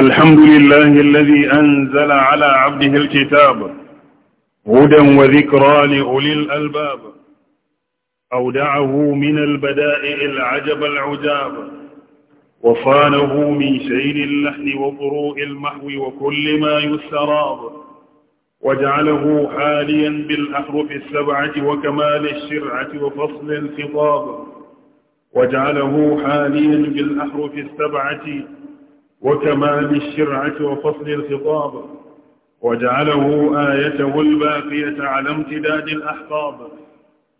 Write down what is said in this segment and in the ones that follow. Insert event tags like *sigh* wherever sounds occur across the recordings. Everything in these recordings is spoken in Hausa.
الحمد لله الذي أنزل على عبده الكتاب هدى وذكرى لأولي الألباب أودعه من البدائع العجب العجاب وصانه من شيل اللحن وضروء المحو وكل ما يسراب وجعله حاليا بالأحرف السبعة وكمال الشرعة وفصل الخطاب وجعله حاليا بالأحرف السبعة وكمال الشرعة وفصل الخطاب وجعله آيته الباقية على امتداد الأحقاب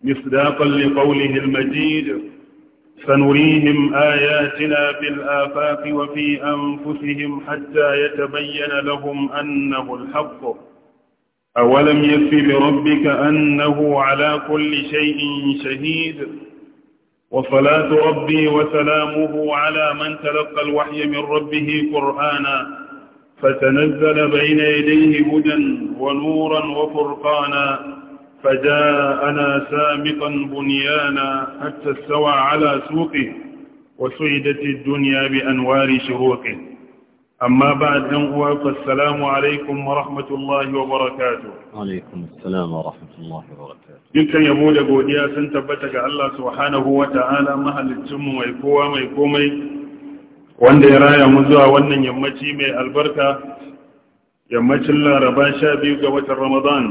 مصداقا لقوله المجيد سنريهم آياتنا في الآفاق وفي أنفسهم حتى يتبين لهم أنه الحق أولم يكف بربك أنه على كل شيء شهيد وصلاة ربي وسلامه على من تلقى الوحي من ربه قرآنا فتنزل بين يديه هدى ونورا وفرقانا فجاءنا سامقا بنيانا حتى استوى على سوقه وسعدت الدنيا بأنوار شروقه amma ba a ɗan uwa fassalamu alaikun rahmatullahi wa barakatu alaikun salam wa rahmatullahi yabo da godiya sun tabbata ga Allah subhanahu wa ta'ala mahallicinmu mai kowa mai komai wanda ya raya mu zuwa wannan yammaci mai albarka yammacin laraba sha biyu ga watan ramadan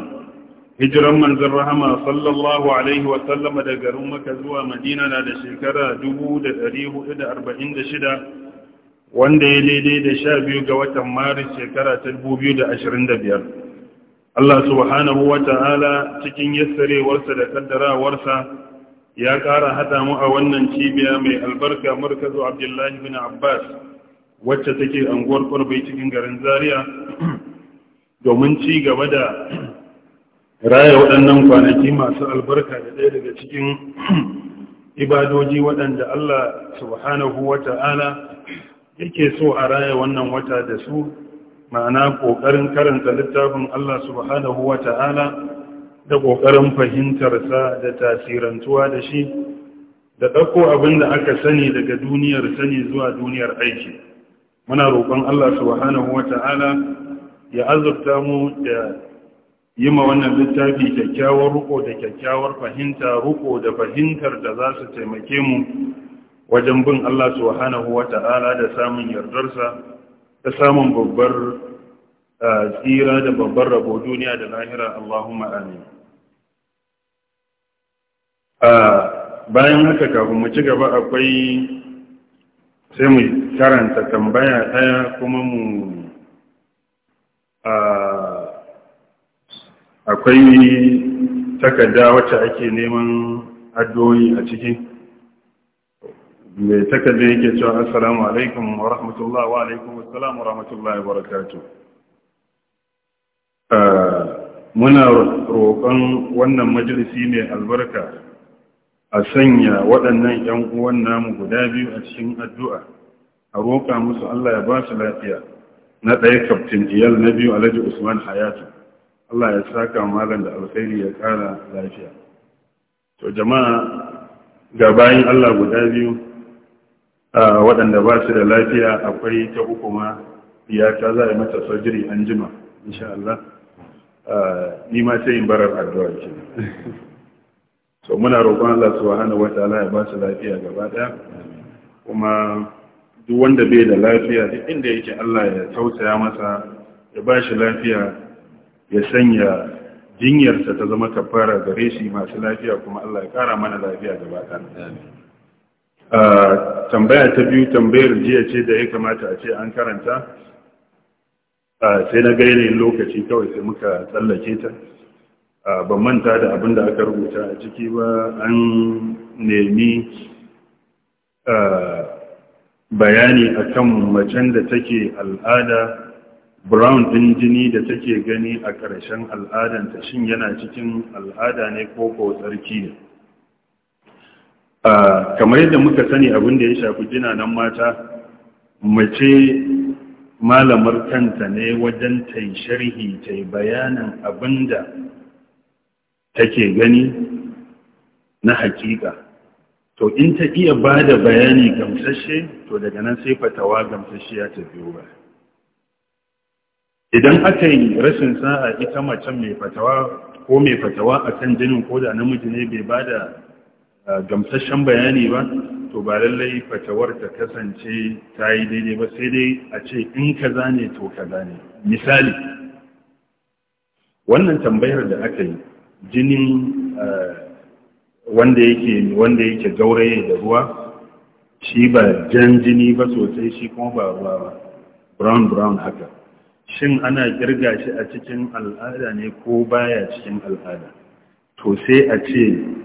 hijiran manzan rahama sallallahu alaihi wa sallama da garin maka zuwa madina na da shekara dubu da ɗari hudu da arba'in da shida wanda ya daidai da sha biyu ga watan maris shekara ta dubu biyu da ashirin da biyar Allah subhanahu wa ta'ala cikin yassarewarsa da kaddarawarsa ya kara haɗa mu a wannan cibiya mai albarka markazu abdullahi bin abbas wacce take anguwar kwarbai cikin garin zaria domin ci gaba da raya waɗannan kwanaki masu albarka da ɗaya daga cikin ibadoji waɗanda Allah subhanahu wa ta'ala yake so a raya wannan wata da su ma'ana ƙoƙarin karanta littafin Allah subhanahu wa ta'ala da ƙoƙarin fahimtarsa da tasirantuwa da shi da ɗauko abin da aka sani daga duniyar sani zuwa duniyar aiki muna roƙon Allah subhanahu wa ta'ala ya azurta mu da yi ma wannan littafi kyakkyawar ruko da kyakkyawar fahimta ruko da fahimtar da za su taimake mu wajen bin Allah subhanahu wa ta'ala da samun yardarsa ta samun babbar tsira da babbar rabo duniya da lahira Allahumma amin bayan haka kafin mu ci gaba akwai sai mu karanta tambaya ɗaya kuma mu akwai takarda wacce ake neman addu'o'i a ciki mai takarda yake cewa assalamu alaikum wa rahmatullahi wa alaikum assalamu wa rahmatullahi wa barakatu ah, muna roƙon wannan majalisi ne albarka a sanya waɗannan 'yan uwan namu guda biyu a cikin addu'a a roƙa musu Allah ya ba su lafiya na ɗaya kaftin iyal na biyu alhaji usman hayatu Allah ya saka malam da alkhairi ya ƙara lafiya to jama'a ga bayan Allah guda biyu waɗanda ba su da lafiya akwai ta uku ma ta za a yi mata sojiri an jima insha Allah ni ma sai in barar addu'a ke so muna roƙon Allah subhanahu wata ya ba su lafiya gaba ɗaya kuma duk wanda bai da lafiya duk inda yake Allah ya tausaya masa ya ba shi lafiya ya sanya jinyarsa ta zama kafara gare shi masu lafiya kuma Allah ya ƙara mana lafiya gaba ɗaya tambaya ta biyu tambayar jiya ce da ya kamata a ce an karanta sai na gaire lokaci kawai sai muka tsallake ta ban manta da abin da aka rubuta a ciki ba an nemi bayani a kan macen da take al'ada brown ɗin jini da take gani a ƙarshen al'adanta shin yana cikin al'ada ne ko ko tsarki ne kamar yadda muka sani abin da ya shafi jina nan mata mace malamar kanta ne wajen ta yi sharhi ta yi bayanin abin da take gani na hakika to in ta iya ba da bayani gamsashe to daga nan sai fatawa gamsashe ya ta biyo ba idan aka yi rashin sa'a ita mace mai fatawa ko mai fatawa a kan jinin koda namiji ne bai ba da gamsashen bayani ba to ba lallai fatawar ta kasance ta yi daidai ba sai dai a ce in ka zane to ka zane. misali wannan tambayar da aka yi jinin eh, wanda yake wanda yake gauraye da ruwa shi ba jan jini ba sosai shi kuma ba ruwa ba brown brown haka shin ana kirga shi a cikin al'ada ne ko baya cikin al'ada to sai a ce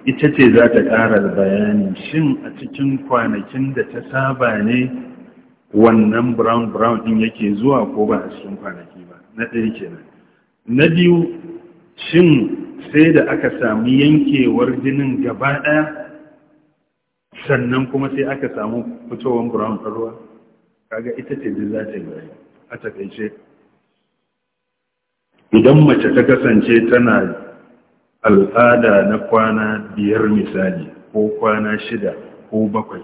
ita ce za ta ƙara bayani shin a cikin kwanakin da ta saba ne wannan brown brown din yake zuwa ko ba a cikin kwanaki ba na ɗaya kenan na biyu shin sai da aka samu yankewar jinin gaba ɗaya sannan kuma sai aka samu fitowar brown ɗarwa kaga ita ce duk za ta yi bayani a takaice idan mace ta kasance tana al'ada na kwana biyar misali ko kwana shida ko bakwai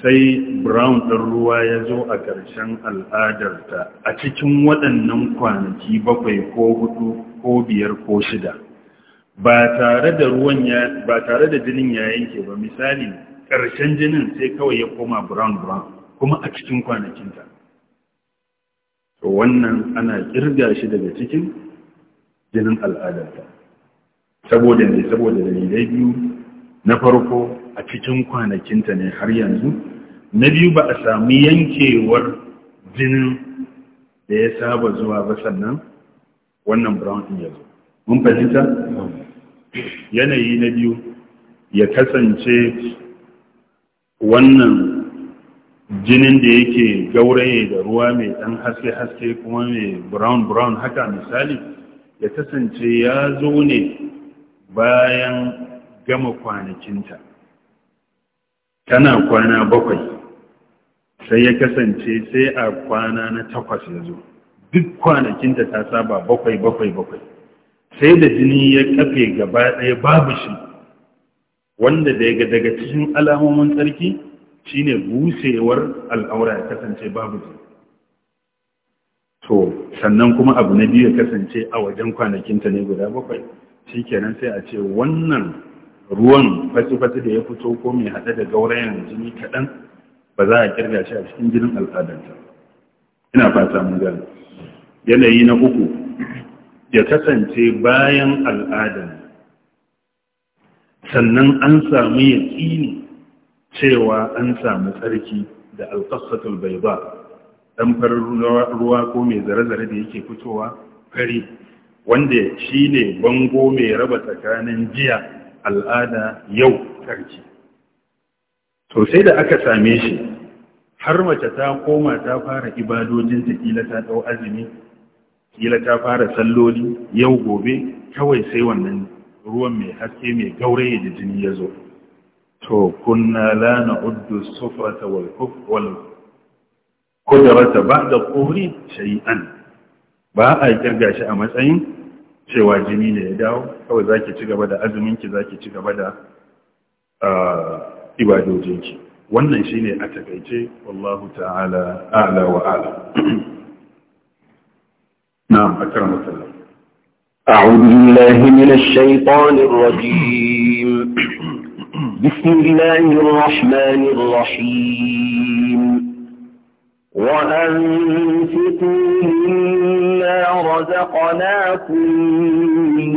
sai brown ɗin ruwa ya zo a ƙarshen al'adarta a cikin waɗannan kwanaki bakwai ko hudu ko biyar ko shida ba tare da ruwan ya ba tare da jinin ya yanke ba misali ƙarshen jinin sai kawai ya koma brown brown kuma a cikin kwanakinta to wannan ana ƙirga shi daga cikin jinin al'adarta saboda ne saboda dalilai biyu na farko a cikin kwanakinta ne har yanzu na biyu ba a sami yankewar jinin da ya saba zuwa ba sannan wannan brown in yanzu mun fahimta yanayi na biyu ya kasance wannan jinin da yake gauraye da ruwa mai ɗan haske-haske kuma mai brown-brown haka misali ya kasance ya zo ne bayan gama kwanakinta tana kwana bakwai sai ya kasance sai a kwana na takwas ya zo duk kwanakinta ta saba bakwai bakwai bakwai sai da jini ya kafe gaba ɗaya babu shi wanda da daga daga cikin alamomin tsarki shine busewar al'aura ya kasance babu jini to sannan kuma abu na biyu ya kasance a wajen kwanakinta ne guda bakwai kenan sai a ce wannan ruwan fasifasi da ya fito ko mai haɗe da gaurayen jini kaɗan ba za a kirga shi a cikin jinin al'adanta ina fata mun gani yanayi na uku ya kasance bayan al'adan sannan an samu ya tsini cewa an samu tsarki da alƙasatul bai ba ɗan farin ruwa ko mai zare-zare da yake fitowa fari wanda shi ne bango mai raba tsakanin jiya al'ada yau karki to sai da aka same shi har mace ta koma ta fara ibadojinta kila ta ɗau azumi kila ta fara salloli yau gobe kawai sai wannan ruwan mai haske mai gauraye da jini ya zo to kunna la na'uddu sufrata wal kudurata ba ba'da quri shari'an. ba a kirga shi a matsayin cewa jini ne ya dawo kawai za ki ci gaba da azuminki za ki ci gaba da ibadojinki wannan shi ne a takaice wallahu ta'ala ala wa ala na akram sallam أعوذ بالله من الشيطان الرجيم بسم الله الرحمن الرحيم وأنفقوا مما رزقناكم من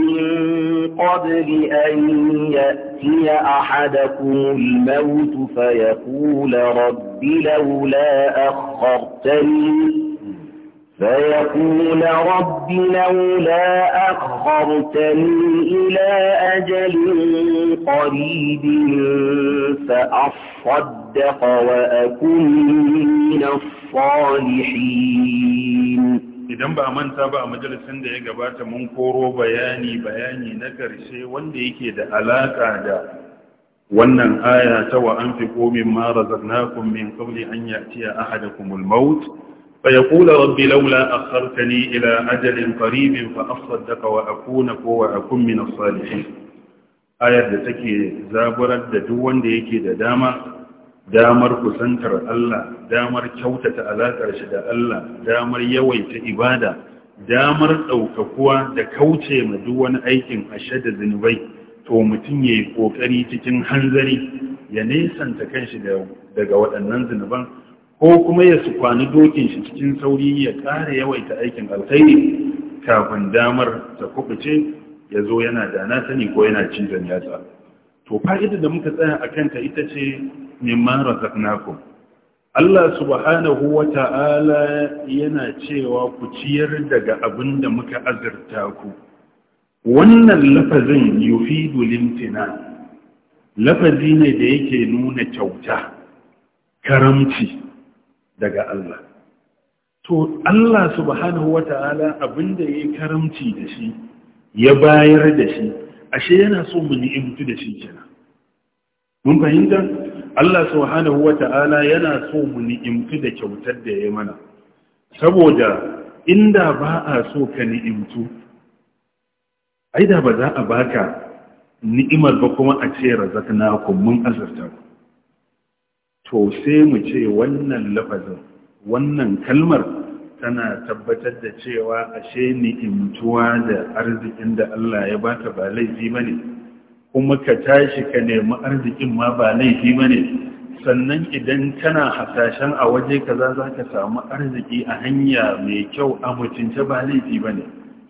قبل أن يأتي أحدكم الموت فيقول رب لولا أخرتني فيقول رب لولا أخرتني إلى أجل قريب فأصدق وأكون من الصالحين idan ba a manta ba a majalisar da ya gabata mun koro bayani bayani na ƙarshe wanda yake da alaƙa da wannan aya ta wa an fi komin mara zarnakun min kabli an yatiya ahadakumul maut rabbi laula a فيقول ربي لولا أخرتني a أجل قريب فأصدق وأكون وأكون من الصالحين آية da duk wanda yake da dama, damar kusantar Allah damar kyautata alaƙar shi da Allah damar yawaita ibada damar ɗaukakuwa da kauce ma duk wani aikin ashe da zunubai to mutum ya yi ƙoƙari cikin hanzari ya nesanta kanshi daga waɗannan zunuban ko kuma ya su kwani dokin shi cikin sauri ya ƙara yawaita aikin alkhairi kafin damar ta kubuce ya zo yana da na sani ko yana cizon yatsa to fa'ida da muka tsaya a kanta ita ce mimman razaknakum Allah subhanahu wa ta'ala yana cewa ku ciyar daga abin da muka azurta ku wannan lafazin yufidu limtina lafazi ne da yake nuna kyauta karamci daga Allah to Allah subhanahu wata'ala abinda yi karamci da shi ya bayar da shi ashe yana so mu ni'imtu da shi kenan mun fahimta Allah subhanahu wata'ala yana so mu ni'imtu da kyautar da yayi mana saboda inda ba a so ka ni'imtu ai da ba za a baka ni'imar ba kuma a ce kun mun azarta ku to sai mu ce wannan lafazin wannan kalmar tana tabbatar da cewa ashe ni in ni'imtuwa da arzikin da Allah ya baka ba laifi bane kuma ka tashi ka nemi arzikin ma ba laifi bane sannan idan tana hasashen a waje kaza za ka samu arziki a hanya mai kyau a mutunce ba laifi bane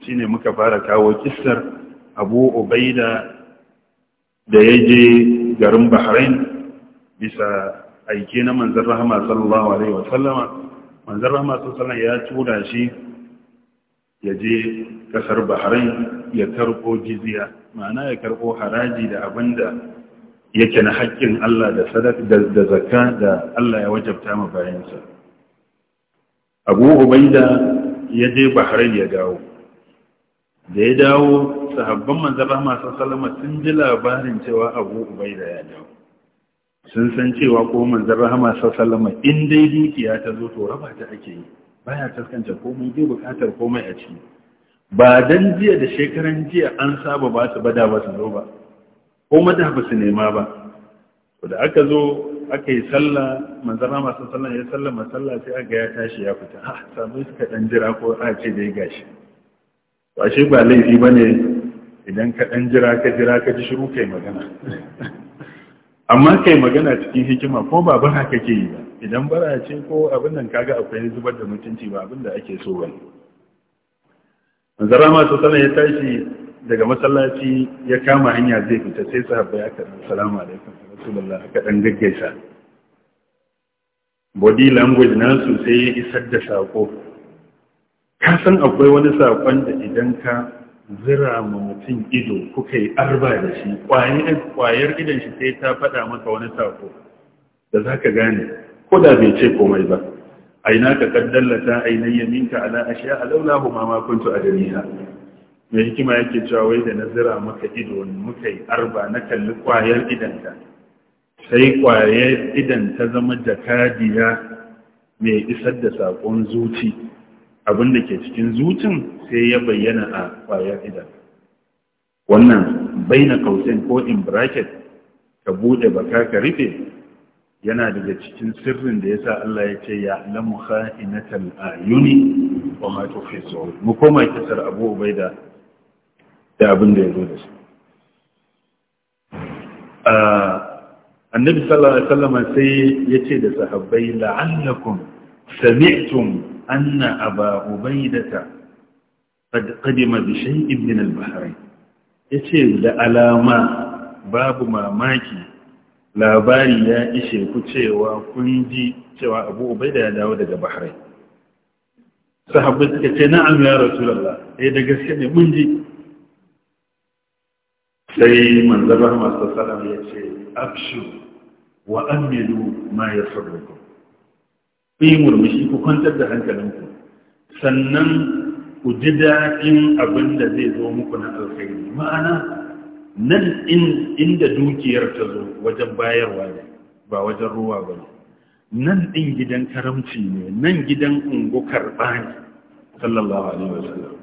shine muka fara kawo kissar Abu Ubaida da ya je garin Bahrain bisa aike na manzan rahama sallallahu alaihi wasallama manzan rahama sallallahu ya tura shi ya je kasar bahrain ya karko jiziya ma'ana ya karko haraji da abinda yake na haƙƙin Allah da sadaka da zakka da Allah ya wajabta ma bayansa Abu Ubaida ya je Bahrain ya dawo da ya dawo sahabban manzan rahama sallallahu alaihi wasallam sun ji labarin cewa Abu Ubaida ya dawo sun san cewa ko manzan rahama sallama in dai dukiya ta zo to raba ta ake yi ba ya taskanta komai zai bukatar komai a ciki ba dan jiya da shekaran jiya an saba ba su bada ba su zo ba ko mata ba su nema ba da aka zo aka yi sallah manzan rahama salama ya ma sallah sai aka ya tashi ya fita ha ah, samun suka dan jira ko a ce dai gashi ba shi ba laifi ba ne idan ka dan jira ka jira ka ji shiru kai magana *laughs* amma kai magana cikin hikima ko ba bara kake yi ba idan bara ce ko abin nan kaga akwai zubar da mutunci ba abin da ake so bane manzara ma su sana ya tashi daga masallaci ya kama hanya zai fita sai sahabbai aka salamu alaikum rasulullah aka dan gaggaisa body language nasu sai ya isar da sako ka san akwai wani sakon da idan ka zira ma mutum ido kuka yi arba da shi kwayar idan shi sai ta faɗa maka wani sako da za ka gane ko da bai ce komai ba aina ka kaddallata ainihin yaminka ala ashiya alaula ma ma makuntu a jami'a mai hikima yake cewa wai da na zira maka ido muka yi arba na kalli kwayar idanka sai kwayar idan ta zama jakadiya mai isar da sakon zuci abinda ke cikin zucin sai ya bayyana a kwayar idan wannan baina kausin ko in bracket ka bude baka ka rufe yana daga cikin sirrin da yasa Allah ya ce ya lamu kha'inatal ayuni wa ma tufi su'ud mu koma kisar Abu Ubaida da abin da yazo da shi ah annabi sallallahu alaihi wasallam sai yace da sahabbai la'allakum sami'tum anna aba ubaidata qadima bi shay'in min yace da alama babu mamaki labari ya ishe ku cewa kun ji cewa Abu Ubaida ya dawo daga Bahrain sahabbai suka ce na'am ya Rasulullah eh da gaske ne mun ji sai manzon Muhammad Salam ya ce abshu wa amilu ma yasrukum ku yi murmushi ku kwantar da hankalinku sannan ku ji daɗin abin da zai zo muku na alkhairi ma'ana nan inda dukiyar ta zo wajen bayarwa ne ba wajen ruwa ba ne nan ɗin gidan karamci ne nan gidan ungu karɓa ne sallallahu alaihi wasallam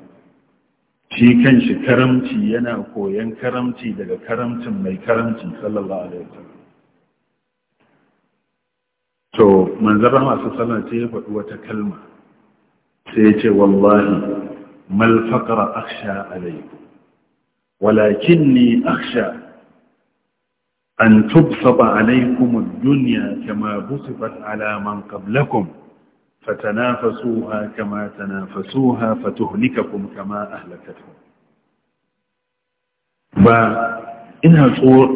shi kan shi karamci yana koyan karamci daga karamcin mai karamci sallallahu alaihi wasallam to manzara masu sallar ce ya faɗi wata kalma sai ya ce wallahi ما الفقر أخشى عليكم ولكني أخشى أن تبسط عليكم الدنيا كما بسطت على من قبلكم فتنافسوها كما تنافسوها فتهلككم كما أهلكتهم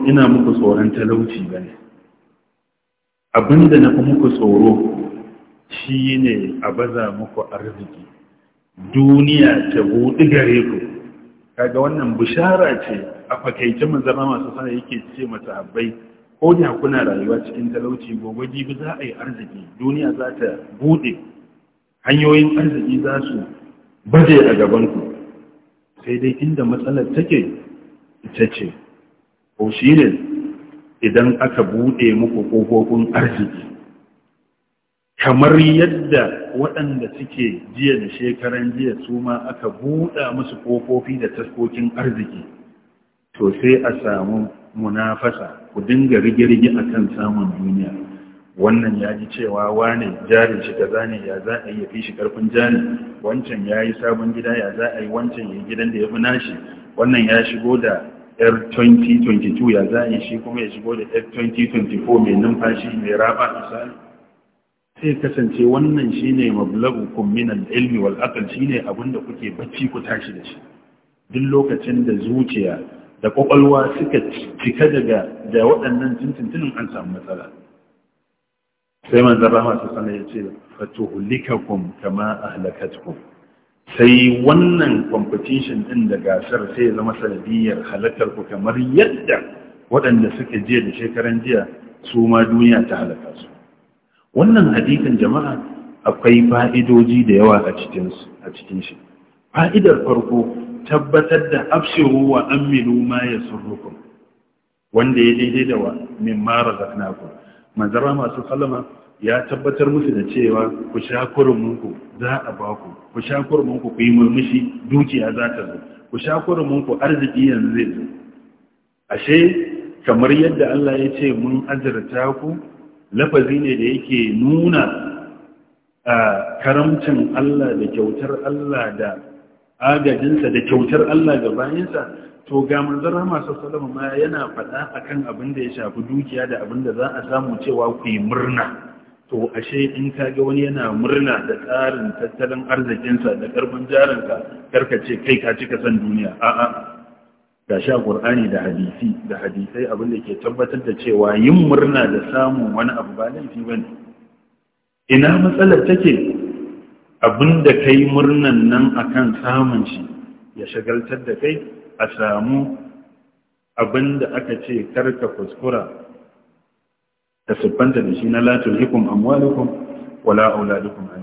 ina muku tsoron talauci ba ne abinda na fi muku tsoro shi ne a baza muku arziki duniya ta buɗi gare ku kaga wannan bishara ce a fakaice mun zama masu sana yake ce mata habbai ko da kuna rayuwa cikin talauci gobe jibi za a yi arziki duniya za ta buɗe hanyoyin arziki za su baje a gaban ku. sai dai inda matsalar take ita ce ko shi ne idan aka buɗe muku ƙofofin arziki kamar yadda waɗanda suke jiya da shekaran jiya su ma aka buɗa musu ƙofofi da taskokin arziki to sai a samu munafasa ku dinga rigirgi a kan samun duniya wannan ya ji cewa wane jarin shi ka zane ya za a yi fi shi karfin jari wancan ya yi sabon gida ya za a yi wancan ya yi gidan da ya fi nashi wannan ya shigo da yar 2022 ya za a yi shi kuma ya shigo da yar 2024 mai numfashi mai raba misali sai kasance wannan shine mablagukum min al-ilmi wal aql shine abinda kuke bacci ku tashi da shi duk lokacin da zuciya da kwakwalwa suka cika daga da waɗannan tuntuntunin an samu matsala sai manzan rama su sana ya ce fatuhulikakum kama ahlakatkum sai wannan competition ɗin da gasar sai ya zama sanadiyar halakarku ku kamar yadda waɗanda suka jiya da shekaran jiya su ma duniya ta halaka su wannan hadisin jama'a akwai fa'idoji da yawa a cikin shi fa'idar farko tabbatar da afshiru wa aminu ma ya surrukun wanda ya daidai da wa min mara zaknaku manzara masu salama ya tabbatar musu da cewa ku shakurin munku za a baku ku shakurin munku ku yi murmushi dukiya za ta zo ku shakurin munku arziki yanzu zai ashe kamar yadda Allah ya ce mun azurta ku lafazi ne da yake nuna a karamcin Allah da kyautar Allah da agajinsa da kyautar Allah ga bayansa to ga manzon Rahama sallallahu ma yana faɗa akan abin da ya shafi dukiya da abin da za a samu cewa ku yi murna to ashe in ka wani yana murna da tsarin tattalin arzikinsa da karfin jarinka karkace kai ka cika san duniya a'a da sha ƙur'ani da hadisi da hadisai abin da ke tabbatar da cewa yin murna da samun wani abu ba laifi ba ne ina matsalar take abin da ka yi murnan nan akan samun shi ya shagaltar da kai a samu abin da aka ce karka kuskura da siffanta da shi na latin hikun amwalukum wala auladukum an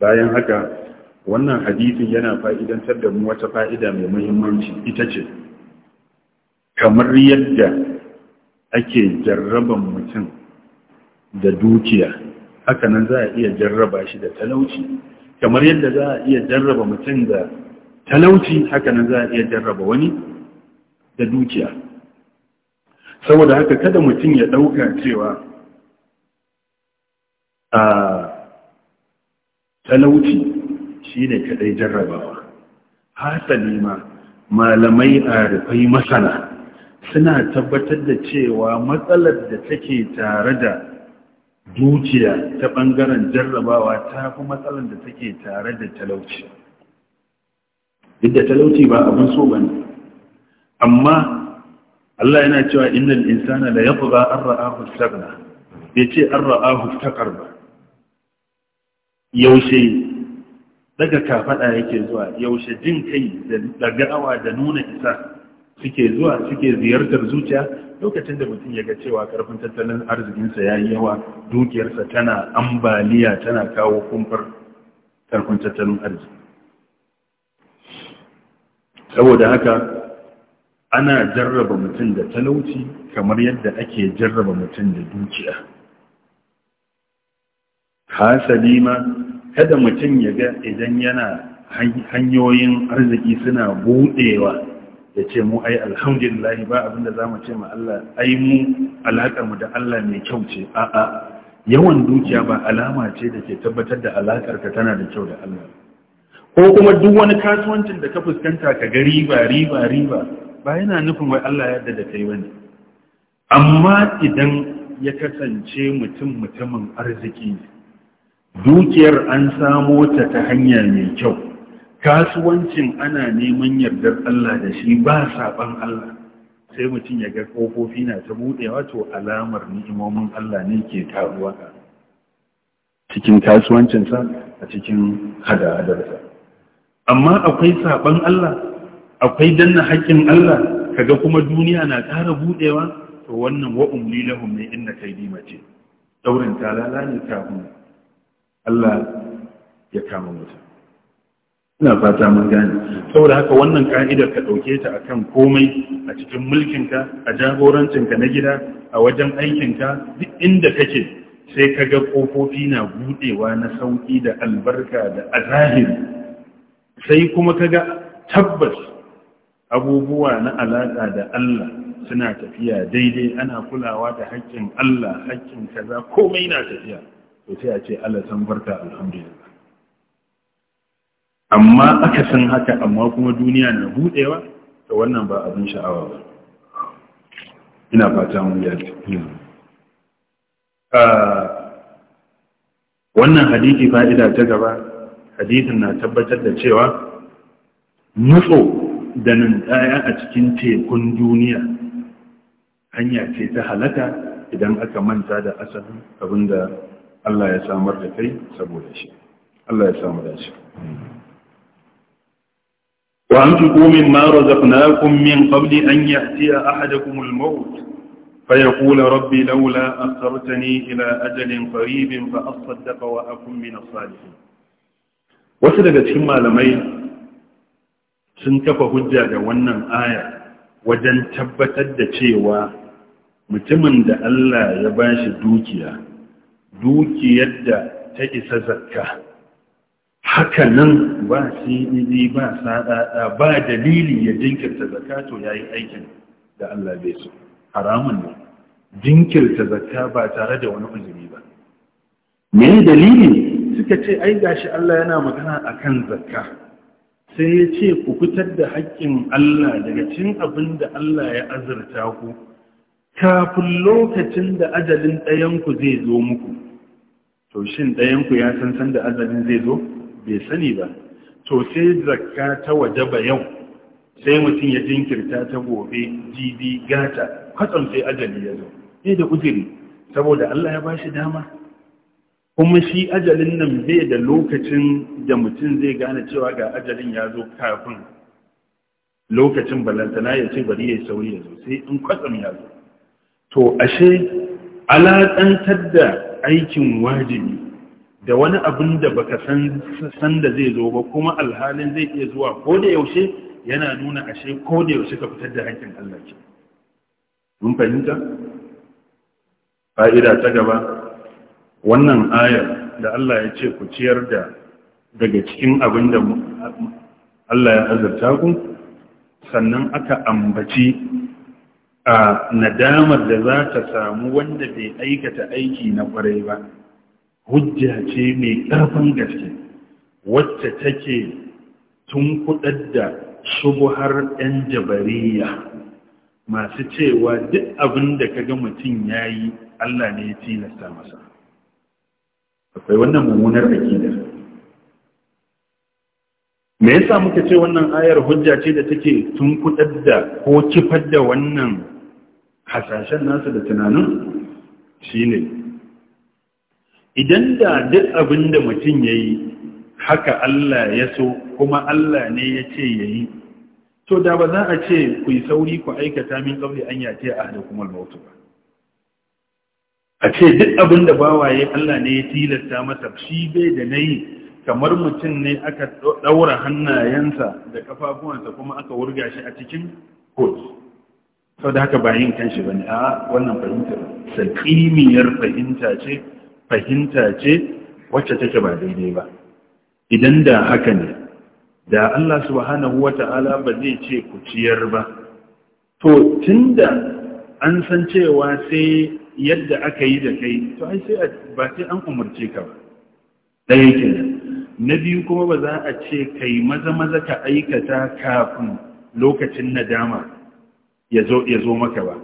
bayan haka wannan hadisin yana fa'idantar da mu wata fa'ida mai muhimmanci ita ce kamar yadda ake jarraban mutum da dukiya haka nan za a iya jarraba shi da talauci kamar yadda za a iya jarraba mutum da talauci haka nan za a iya jarraba wani da dukiya saboda haka kada mutum ya ɗauka cewa a talauci ne kadai jarrabawa hasali ma malamai a arifai masana suna tabbatar da cewa matsalar da take tare da dukiya ta bangaren jarrabawa ta fi matsalar da take tare da talauci duk da talauci ba abin so ba ne amma Allah yana cewa innal insana la yatgha an ra'ahu Ya yace an ra'ahu istaqarba yaushe daga kafaɗa yake zuwa yaushe jin kai da dagawa da nuna isa suke zuwa suke ziyartar zuciya lokacin da mutum ya ga cewa karfin tattalin arzikinsa ya yi yawa dukiyarsa tana ambaliya tana kawo kumfar karfin tattalin arziki saboda haka ana jarraba mutum da talauci kamar yadda ake jarraba mutum da dukiya hasali ma kada mutum ya ga idan yana hanyoyin arziki suna budewa ya ce mu ai alhamdulillah ba abinda za mu ce ma Allah ai mu mu da Allah mai kyau ce a'a yawan dukiya ba alama ce da ke tabbatar da ka tana da kyau da Allah ko kuma duk wani kasuwancin da ka fuskanta ka ga riba riba riba ba yana nufin wai Allah ya yadda da kai bane amma idan ya kasance mutum mutumin arziki dukiyar an samo ta ta hanya mai kyau kasuwancin ana neman yardar Allah da shi ba saban Allah sai mutum ya ga kofofi na ta buɗewa to alamar ni'imomin Allah ne ke taruwa cikin kasuwancinsa a cikin hada-hadarsa amma akwai saban Allah akwai danna haƙƙin Allah kaga kuma duniya na ƙara buɗewa to wannan wa umli lahum ne inna kaidi mace daurin talala ne kafin Allah ya kama mutu. ina fata mun gane saboda haka wannan ka'idar ka ɗauke ta akan komai a cikin mulkinka a jagorancinka na gida a wajen aikinka duk inda kake sai ka ga ƙofofi na buɗewa na sauƙi da albarka da azahiri sai kuma ka ga tabbas abubuwa na alaƙa da Allah suna tafiya daidai ana kulawa da haƙƙin Allah haƙƙin kaza komai na tafiya to sai a ce Allah san barka alhamdulillah amma aka san haka amma kuma duniya na budewa to wannan ba abin sha'awa ba ina fata mun a ah, wannan hadisi fa'ida ta gaba hadisin na tabbatar da cewa nutso da daya a cikin tekun duniya hanya ce ta halaka idan aka manta da asalin abinda Allah ya samar da kai saboda shi Allah an tuku min ma razaqnakum min qabli an ya'tiya ahadakum al-maut fa yaqul rabbi laula akhartani ila ajalin qarib fa asaddaqa wa akum min as wasu daga cikin malamai sun kafa hujja da wannan aya wajen tabbatar da cewa mutumin da Allah ya bashi dukiya dukiyar da ta isa zakka hakanan nan ba ne ba sadada ba dalili ya jinkirta zakka to yayi aikin da Allah bai so haramun ne jinkirta zakka ba tare da wani uzuri ba me dalili suka ce ai gashi Allah yana magana akan zakka sai ya ce ku fitar da haƙƙin Allah daga cin abin da Allah ya azurta ku kafin lokacin da ajalin ɗayanku zai zo muku to shin ɗayanku ya san san da azalin zai zo bai sani ba to sai zakka ta waje ba yau sai mutum ya jinkirta ta gobe jibi gata kwatsam sai ajali ya zo ne da kujiri saboda Allah ya bashi dama kuma shi ajalin nan bai da lokacin da mutum zai gane cewa ga ajalin ya zo kafin lokacin balantana ya ce bari ya sauri ya zo sai in kwatsam ya zo to ashe alaƙantar da aikin wajibi da wani abin da baka san san da zai zo ba kuma alhalin zai iya zuwa ko da yaushe yana nuna ashe ko da yaushe ka fitar da hankin Allah ke mun fahimta fa'ida ta gaba wannan ayar da Allah ya ce ku ciyar da daga cikin abin da Allah ya azurta ku sannan aka ambaci a nadamar da za ta samu wanda bai aikata aiki na kwarai ba hujja ce mai ƙarfin gaske wacce take tun kudar da shubuhar 'yan jabariya masu cewa duk abin da kaga mutum ya yi allah ne ya tilasta masa akwai wannan mummunar akidar me yasa muka ce wannan ayar hujja ce da take tun kudar da ko kifar da wannan hasashen nasu da tunanin shine idan da duk abin da mutum ya yi haka Allah ya so kuma Allah ne ya ce ya yi to da ba za a ce ku yi sauri ku aikata min ƙauri an yace a hada kuma mautu ba a ce duk abin da bawaye Allah ne ya tilasta masa shi bai da na yi kamar mutum ne aka ɗaura hannayensa da kafafuwansa kuma aka wurga shi a cikin kotu sau da haka ba yin kanshi ba ne a wannan fahimtar sakimiyar fahimta ce fahimta ce wacce take ba daidai ba idan da haka ne da Allah subhanahu wata'ala ba zai ce ku ciyar ba to tun da an san cewa sai yadda aka yi da kai to ai sai ba sai an umarce ka ba ɗaya kenan na biyu kuma ba za a ce kai maza maza ka aikata kafin lokacin nadama ya zo maka ba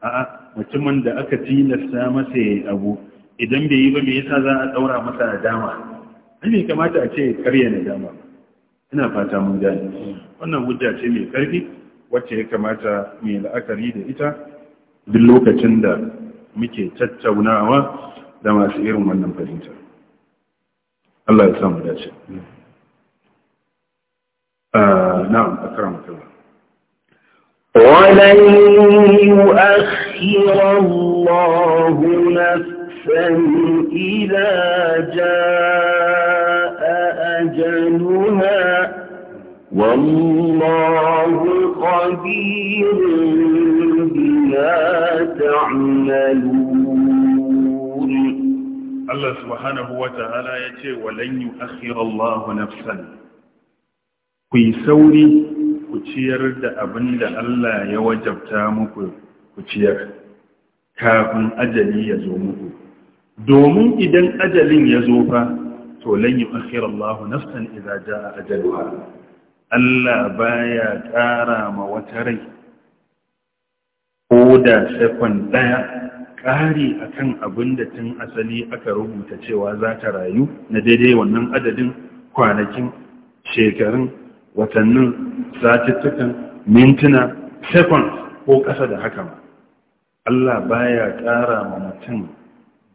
a'a mutumin da aka tilasta masa yayi abu idan bai yi ba me yasa za a daura masa nadama ai kamata a ce karya nadama ina fata mun gane wannan hujja ce mai karfi wacce ya kamata mai la'akari da ita duk lokacin da muke tattaunawa da masu irin wannan fahimta Allah ya samu dace ah, na'am akramaka ولن يؤخر الله نفسا إذا جاء أجلها والله قدير بما تعملون الله سبحانه وتعالى يتي ولن يؤخر الله نفسا في سوري ciyar da abin da Allah ya wajabta muku ku ciyar kafin ajali ya zo muku domin idan ajalin ya zo fa to lan yu'akhir Allah nafsan idza jaa ajaluha Allah baya ƙara ma wata rai ko da sekon daya ƙari akan abin da tun asali aka rubuta cewa za ta rayu na daidai wannan adadin kwanakin shekarun watannin satuttukan mintuna seconds ko ƙasa da haka ma Allah baya ƙara ma mutum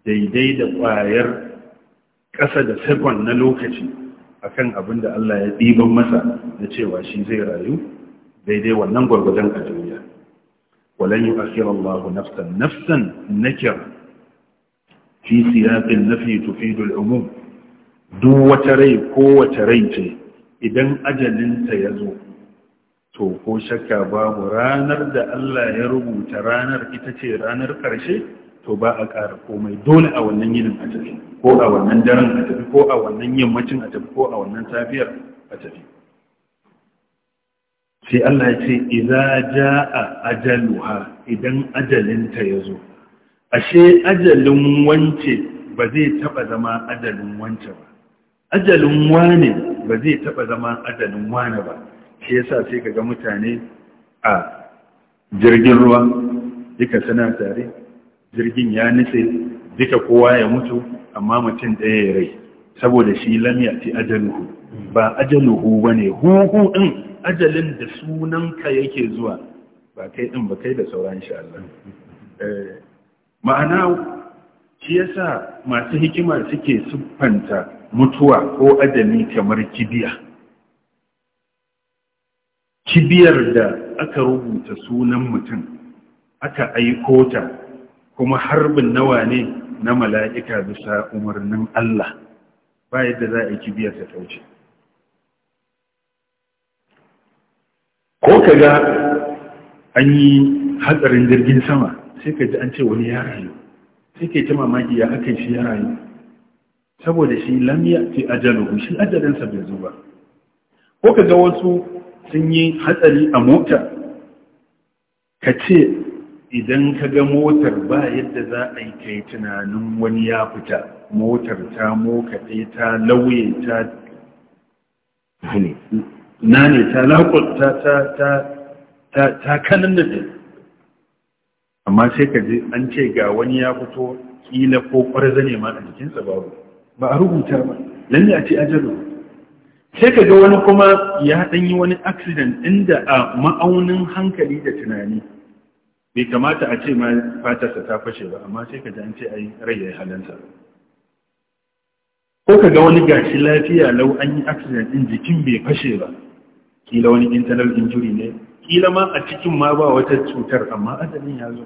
daidai da ƙwayar ƙasa da second na lokaci akan abin da Allah ya ɗiban masa na cewa shi zai rayu daidai wannan gwargwadon a duniya walan yi asirar Allah nafsan nafsan nakir fi siyaƙin nafi tufidul umum duk wata rai ko wata rai ce idan ajalinta ya zo to ko shakka babu ranar da Allah ya rubuta ranar ita ce ranar ƙarshe to ba a ƙara komai dole a wannan yinin a ko a wannan daren a tafi ko a wannan yammacin a tafi ko a wannan safiyar a tafi sai Allah ya ce idza jaa ajaluha idan ajalinta ya zo ashe ajalin wance ba zai taba zama ajalin wance ba ajalin wane ba zai taɓa zama adadin wane ba shi yasa sai ka ga mutane a jirgin ruwa duka suna tare jirgin ya nufe duka kowa ya mutu amma mutum ɗaya ya rai saboda shi lamya ce ajaluhu ba ajaluhu ba ne huhu ɗin ajalin da sunanka yake zuwa ba kai ɗin ba kai da sauran shi Allah eh, ma'ana shi yasa masu hikima suke siffanta mutuwa ko adami kamar kibiya kibiyar da aka rubuta sunan mutum aka aiko ta kuma harbin nawa ne na mala'ika bisa umarnin Allah ba yadda za a yi kibiyar ta tauce ko ka ga an yi hatsarin jirgin sama sai ka ji an ce wani ya rayu sai ka yi ta mamaki ya aka shi ya rayu saboda shi lam ya'ti ajaluhu shi ajalinsa bai zo ba ko kaga wasu sun yi hatsari a mota ka ce idan kaga motar ba yadda za a yi kai tunanin wani ya fita motar ta mokaɗe ta lauye ta na ne ta laƙulta ta ta ta kanan da amma sai ka an ce ga wani ya fito kila ko ƙwarza ne ma a jikinsa babu ba a rubuta ba lalle a ce ajalu sai ka ga wani kuma ya dan yi wani accident inda a ma'aunin hankali da tunani bai kamata a ce ma fatarsa ta fashe ba amma sai ka ji an ce ai rai ya halinsa. ko ka ga wani gashi lafiya lau an yi accident din jikin bai fashe ba kila wani internal injury ne kila ma a cikin ma ba wata cutar amma ajalin ya zo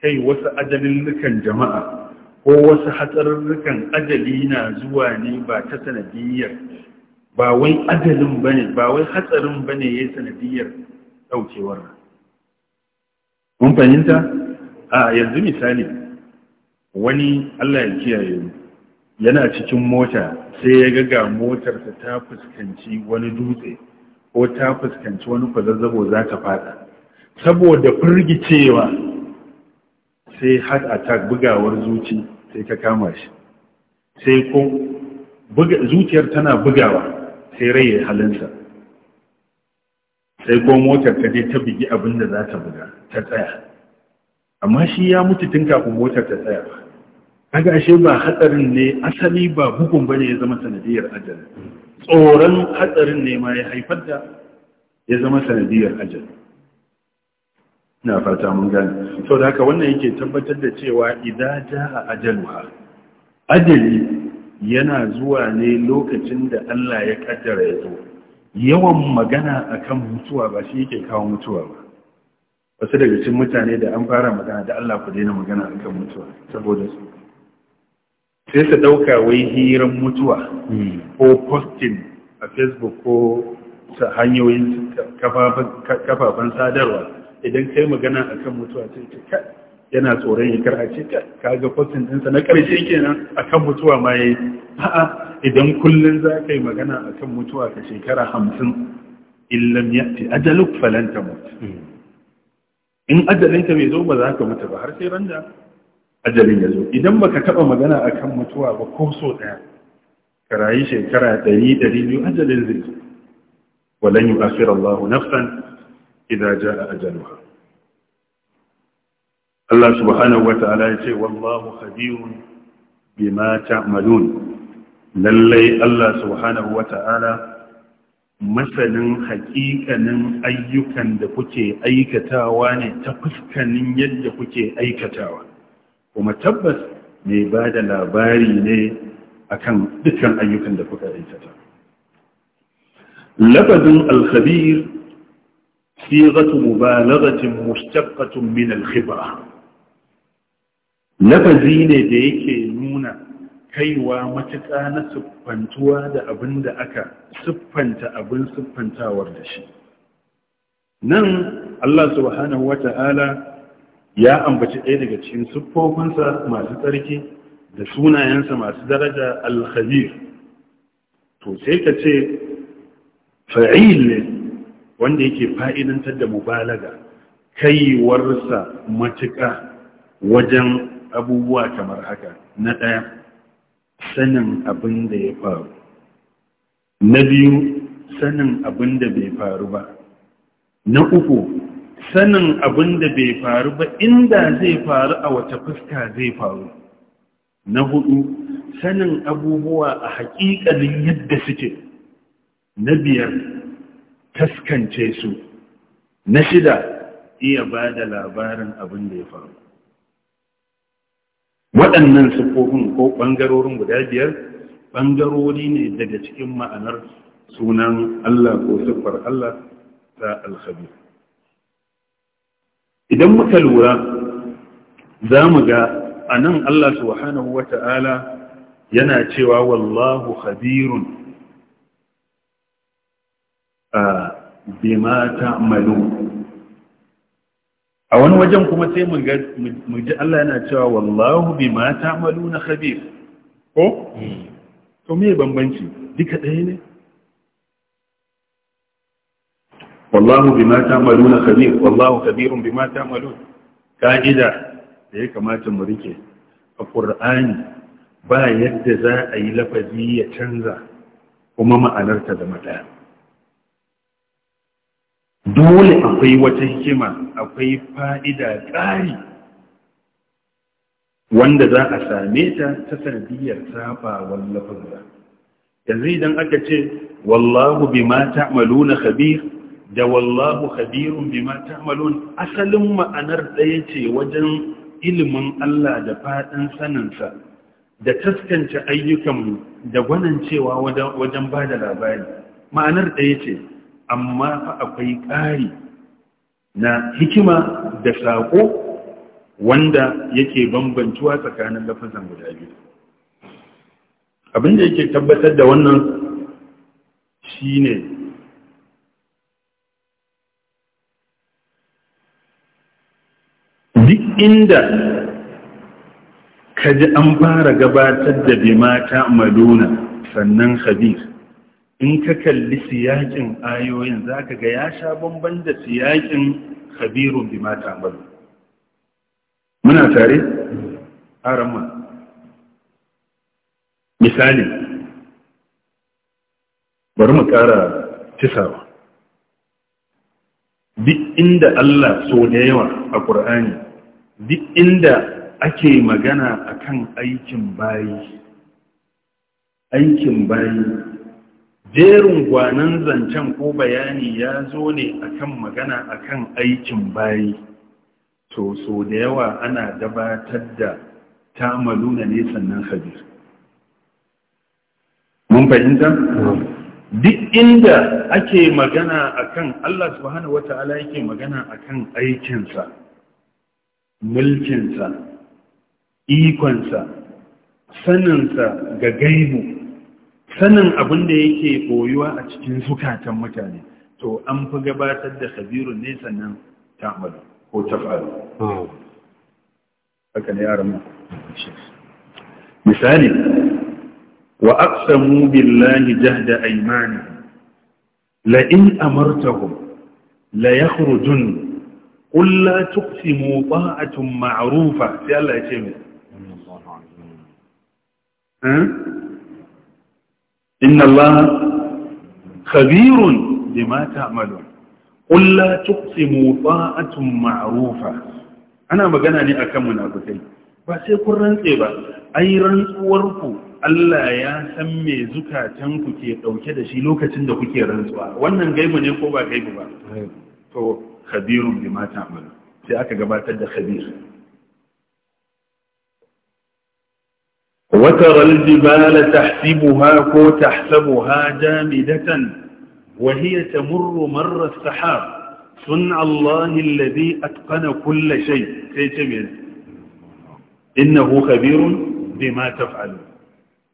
kai wasu ajalin lukan jama'a ko wasu hatsarurrukan ajali na zuwa ne ba ta sanadiyar ba wai ajalin ba ne ba wai hatsarin ba ne ya yi sanadiyar ɗaukewar mun fahimta a yanzu misali wani allah ya kiyaye yana cikin mota sai ya ga ga motarsa ta fuskanci wani dutse ko ta fuskanci wani kwazazzabo za ta fada saboda firgicewa sai heart attack bugawar zuci sai ka kama shi sai ko zuciyar tana bugawa sai rai ya halinsa sai ko motar ta je ta bugi abin da za ta buga ta tsaya amma shi ya mutu tun kafin motar ta tsaya kaga ashe ba hatsarin ne asali ba bugun bane ya zama sanadiyar ajal tsoron hatsarin ne ma ya haifar da ya zama sanadiyar ajin. ina fata mun gane sau da haka wannan yake tabbatar da cewa idan ja a ajalwa ajali yana zuwa ne lokacin da Allah ya kaddara ya zo yawan magana akan mutuwa ba shi yake kawo mutuwa ba wasu daga cikin mutane da an fara magana da Allah ku daina magana akan mutuwa saboda su sai su dauka wai hiran mutuwa ko posting a facebook ko hanyoyin kafafen sadarwa idan kai magana a kan mutuwa sai ce kai yana tsoron ya karhace ka kaga kwatin ɗinsa na ƙarshe kenan a kan mutuwa ma ya yi. a'a idan kullum za ka yi magana kan mutuwa ka shekara hamsin illam ya'ti ajaluk falan tamut in ajalinka bai zo ba za ka mutu ba har sai randa ajalin ya zo idan ba ka taba magana a kan mutuwa ba ko so daya ka rayu shekara ɗari-ɗari biyu ajalin zai zo walan yu'akhir Allahu nafsan idza jaa ajaluha Allah subhanahu wataala yace wallahu khabirun bima ta'malun lallai Allah subhanahu ta'ala masanin hakikanin ayyukan da kuke aikatawa ne ta fuskanin yadda kuke aikatawa kuma tabbas mai ba da labari ne akan dukkan ayyukan da kuka aikata lafazin alkhabir صيغة مبالغة مشتقة من ne da yake nuna kaiwa matuƙa na siffantuwa da abin da aka siffanta abin siffantawar da shi nan Allah subhanahu wa ya ambaci ɗaya daga cikin siffofinsa masu tsarki da sunayensa masu daraja alhabir to sai ka ce fa'il wanda yake fa'idantar da mubalaga kaiwarsa matuƙa wajen abubuwa kamar haka na ɗaya sanin abin da ya faru na biyu sanin abin da bai faru ba na uku sanin abin da bai faru ba inda zai faru a wata fuska zai faru na hudu sanin abubuwa a haƙiƙanin yadda suke na biyar taskance su na shida iya ba da labarin abin da ya faru waɗannan siffofin ko ɓangarorin guda biyar ɓangarori ne daga cikin ma'anar sunan Allah ko siffar Allah ta alkhabir idan muka lura za mu ga a nan Allah subhanahu wa ta'ala yana cewa wallahu Habirun. bima ta'malu a wani wajen kuma sai mu ji Allah yana cewa wallahu bima na khabir ko hmm. to me bambanci duka ɗaya ne wallahu bima na khabir wallahu khabirun bima malu, ka'ida da ya kamata mu rike a ƙurani ba yadda za a yi lafazi ya canza kuma ma'anarta da madaya dole akwai wata hikima akwai fa'ida ƙari wanda za a same ta ta sanadiyar sabawar lafazza yanzu idan aka ce wallahu bima ta'maluna khabir da wallahu khabirun bima ta'malun asalin ma'anar ɗaya ce wajen ilimin Allah da faɗin saninsa da taskance ayyukan da gwanin cewa wajen ba da labari ma'anar ɗaya ce amma fa akwai ƙari na hikima da saƙo wanda yake bambantuwa tsakanin lafazan guda biyu abinda yake tabbatar da wannan shine duk inda ka ji an fara gabatar da mata maduna sannan khabir in ka kalli siyakin ayoyin za ka ga ya sha bamban da siyakin khabirun bi mata amalu muna tare aramma misali bari mu kara tisawa duk inda Allah so da yawa a ƙur'ani duk inda ake magana akan aikin bayi aikin bayi jerin gwanan zancen ko bayani ya zo ne akan magana akan aikin bayi to so da yawa ana gabatar da tamaluna ne sannan khabir mun fahimta duk inda ake magana akan Allah subhanahu wataala yake magana akan aikinsa mulkinsa ikonsa saninsa ga gaibu sanin abin da yake koyuwa a cikin zukatan mutane to an fi gabatar da sabiru ne sannan ta'amalu ko taf'alu hmm. haka ne yaran misali wa aqsamu billahi jahda aymani la in amartahum la yakhrujun قل لا تقسموا sai Allah ya ce يتيمه inna Allah khabirun bima ta'malun qul la tuqsimu ta'atun ana magana ne akan munafikai ba sai kun rantse ba ai rantsuwar ku Allah ya san me zukatan ku ke ɗauke da shi lokacin da kuke rantsuwa wannan gaibu ne ko ba gaibu ba to khabirun bima ta'malun sai aka gabatar da khabir وترى الجبال تحسبها كو تحسبها جامدة وهي تمر مر السحاب صنع الله الذي أتقن كل شيء سيتميز إنه خبير بما تفعل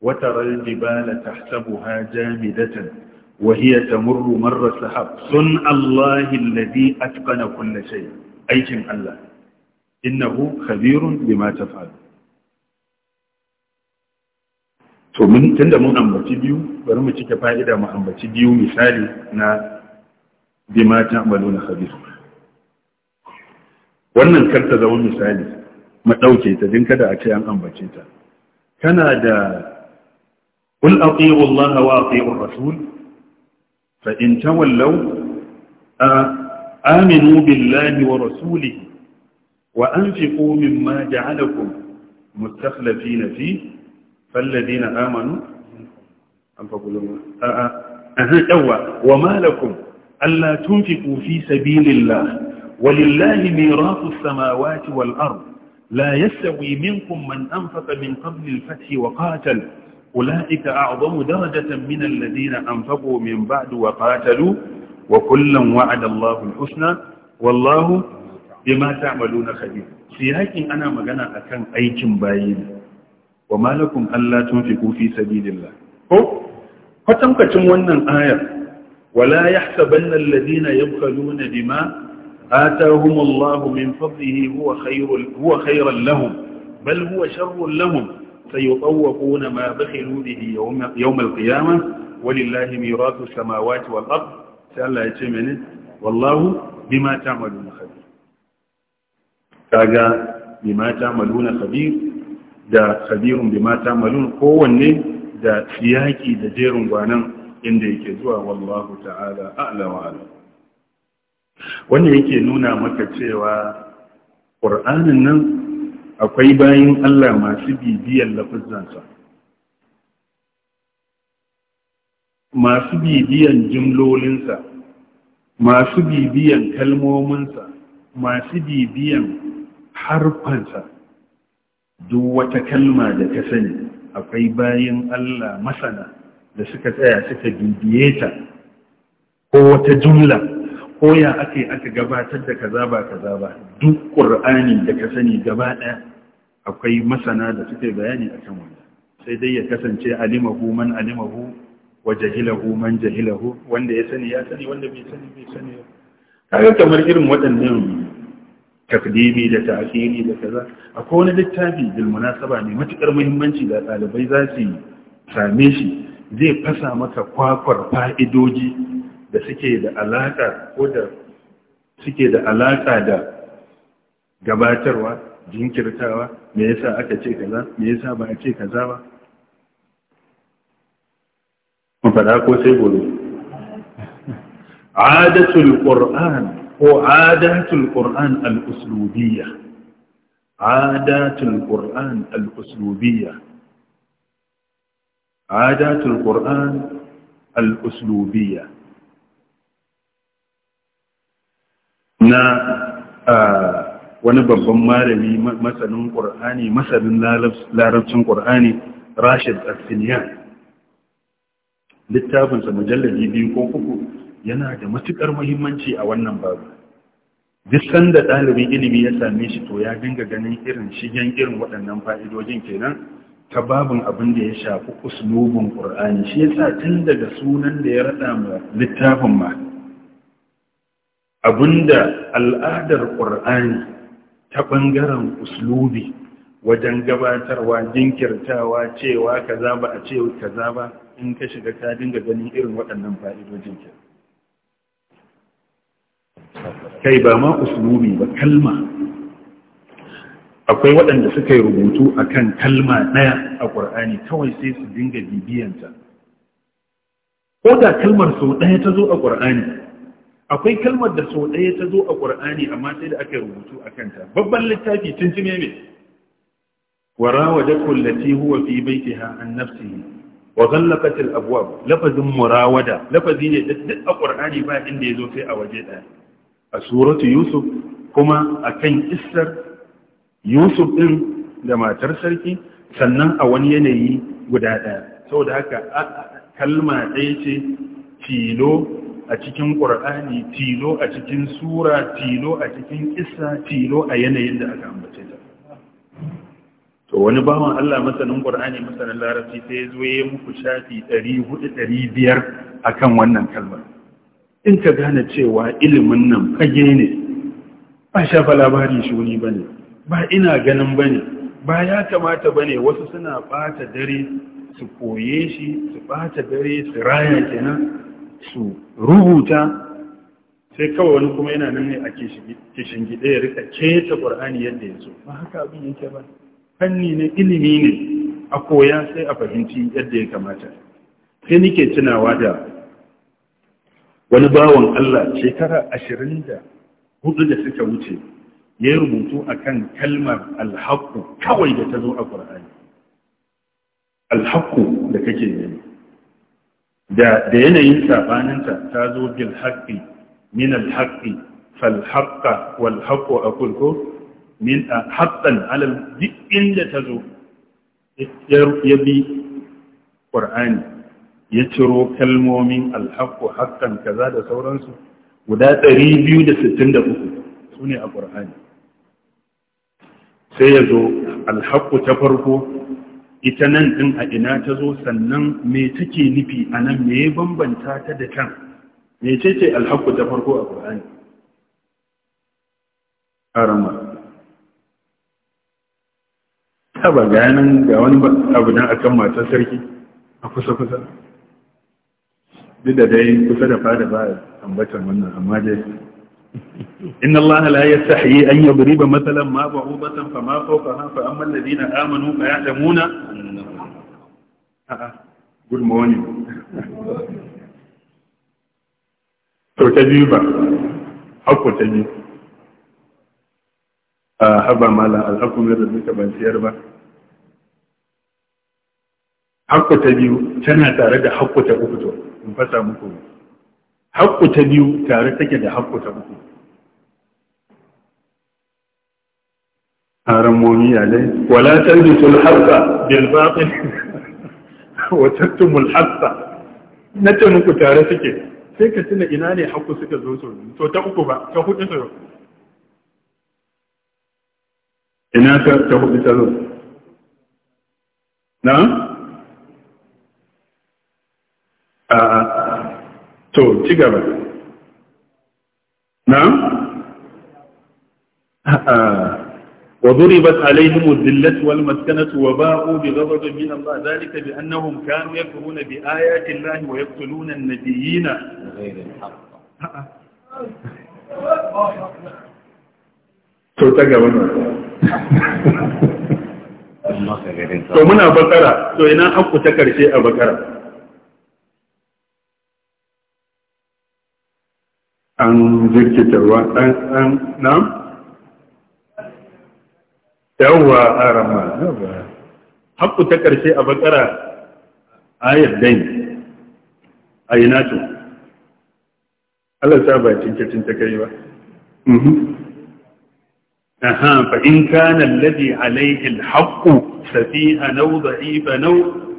وترى الجبال تحسبها جامدة وهي تمر مر السحاب صنع الله الذي أتقن كل شيء أي أيكم الله إنه خبير بما تفعل to mun da mun ambaci biyu bari mu cike fa'ida mu ambaci biyu misali na bima na khabir wannan kar ta zama misali mu dauke ta din kada a ce an ambace ta kana da qul ati'u Allah wa ati'u ar-rasul fa in tawallaw aminu billahi wa rasulihi wa anfiqu mimma ja'alakum mustakhlifina fihi فالذين آمنوا أم فقلوا أهدوا وما لكم ألا تنفقوا في سبيل الله ولله ميراث السماوات والأرض لا يستوي منكم من أنفق من قبل الفتح وقاتل أولئك أعظم درجة من الذين أنفقوا من بعد وقاتلوا وكلا وعد الله الحسنى والله بما تعملون خبير سيهاكين أنا مغانا أكان أيكم باين وما لكم ألا تنفقوا في سبيل الله ko kwatankwacin wannan ayar ولا يحسبن الذين يبخلون بما آتاهم الله من فضله هو خير هو خيرا لهم بل هو شر لهم سيطوقون ما بخلوا به يوم يوم القيامة ولله ميراث السماوات والأرض سألا يتمنى والله بما تعملون خبير كاجا بما تعملون خبير da sabirun bi mata malun kowanne da siyaki da jerin gwanan inda yake zuwa wallahu ta'ala a'la wa ala wannan yake nuna maka cewa ƙur'anin nan akwai bayin Allah masu bibiyar lafazansa masu bibiyan jimlolinsa masu bibiyan kalmominsa masu bibiyan harfansa duk wata kalma da ka sani akwai bayan Allah masana da suka tsaya suka dubiye ta ko wata jumla ko ya ake aka gabatar da kaza ba kaza ba duk ƙur'ani da ka sani gaba ɗaya akwai masana da suka bayani a kan wanda sai dai ya kasance alimahu man alimahu wa jahilahu man jahilahu wanda ya sani ya sani wanda bai sani bai sani kaga kamar irin waɗannan takdimi da ta'khiri da kaza akwai wani littafi bil munasaba ne matukar muhimmanci da ɗalibai za su same shi zai fasa maka kwakwar fa'idoji da suke da alaka ko da suke da alaka da gabatarwa jinkirtawa me yasa aka ce kaza me yasa ba a ce kaza ba faɗa ko sai gobe عادة القرآن هو عادات القرآن الأسلوبية عادات القرآن الأسلوبية عادات القرآن الأسلوبية na wani babban malami masanin ƙur'ani masanin larabcin ƙur'ani rashid asiliyan littafinsa mujallabi biyu ko uku yana da matuƙar muhimmanci a wannan babu duk sanda ɗalibin ilimi ya same shi to ya dinga ganin irin shigen irin waɗannan fa'idojin kenan ta babin abin da ya shafi uslubin ƙur'ani shi ya sa tun daga sunan da ya raɗa ma littafin ma da al'adar ƙur'ani ta ɓangaren uslubi wajen gabatarwa jinkirtawa cewa kaza ba a ce kaza ba in ka shiga ka dinga ganin irin waɗannan fa'idojin kenan kai ba ma usulubi ba kalma akwai waɗanda suka yi rubutu akan kalma ɗaya a ƙwar'ani kawai sai su dinga bibiyanta ko da kalmar sau ɗaya ta zo a ƙwar'ani akwai kalmar da sau ɗaya ta zo a ƙwar'ani amma sai da aka rubutu a kanta babban littafi tun jime mai wara wa dakon lati huwa fi baiti an nafsi wa zallakatil abuwa lafazin murawada lafazi ne duk a ƙwar'ani ba inda ya zo sai a waje ɗaya a suratu yusuf kuma a kan istar yusuf ɗin da matar sarki sannan a wani yanayi guda ɗaya saboda haka kalma ɗaya ce tilo a cikin ƙur'ani tilo a cikin sura tilo a cikin isa tilo a yanayin da aka ambace ta to wani bawan Allah masanin ƙur'ani masanin larabci sai ya zo ya yi muku shafi 400-500 akan wannan kalmar in ka gane cewa ilimin nan fage ne ba shafa labari shi wuri ba ba ina ganin ba ne ba ya kamata ba wasu suna ɓata dare su koye shi su ɓata dare su raya kenan su rubuta sai kawai wani kuma yana nan ne a kishin gida ya rika keta ƙwar'ani yadda ya ba haka abin yake ba fanni na ilimi ne a koya sai a fahimci yadda ya kamata sai nike tunawa da wani bawan Allah shekara ashirin da hudu da suka wuce ya rubutu a kan kalmar alhaku kawai da ta zo a ƙur'ani. alhaku da kake gani da yanayin saɓaninta ta zo bil haƙi min alhaƙi falhaƙa walhaƙo a kulko min a haƙan alal duk inda ta zo ya bi ƙwararri ya ciro kalmomin alhaku hakan kaza da sauransu guda 263 su ne a ƙur'ani sai ya zo alhaku ta farko ita nan ɗin a ina ta zo sannan me take nufi a nan me ya bambanta ta da can me ce ce alhaku ta farko a ƙur'ani ƙarama ta ba ga yanan ga wani abu don akan matar sarki a kusa-kusa duk da dai kusa da fada ba ambatan wannan amma dai inna allaha la yastahi an yadriba mathalan ma ba'udatan fawqa ha fa amma alladhina amanu fa ya'lamuna good morning to ta biyu ba hakko ta biyu a haba mala alhakumin da duka ban siyar ba hakko ta biyu tana tare da hakko ta uku to in fasa muku haƙƙu ta biyu tare take da haƙƙu ta uku haram momi alai wala talbisul haqqa bil batil *laughs* wa taktumul haqqa nace muku tare suke sai ka tuna ina ne haƙƙu suka zo so to ta uku ba ta hudu ta ina ta hudu ta zo na to ci gaba na وضربت عليهم الذلة والمسكنة وباءوا بغضب من الله ذلك بأنهم كانوا يكفرون بآيات الله ويقتلون النبيين غير الحق آه، آه. تو ta gaba to muna bakara to حق haƙƙu ta karshe an jirkita ruwa ɗan ɗan na? yawwa a rama haƙƙu ta ƙarshe a bakara ayar dai a yi nato alasa ba cinkacin ta kai ba mhm. aha fa in kana alladhi alayhi alhaqqu safiha naw da'ifa naw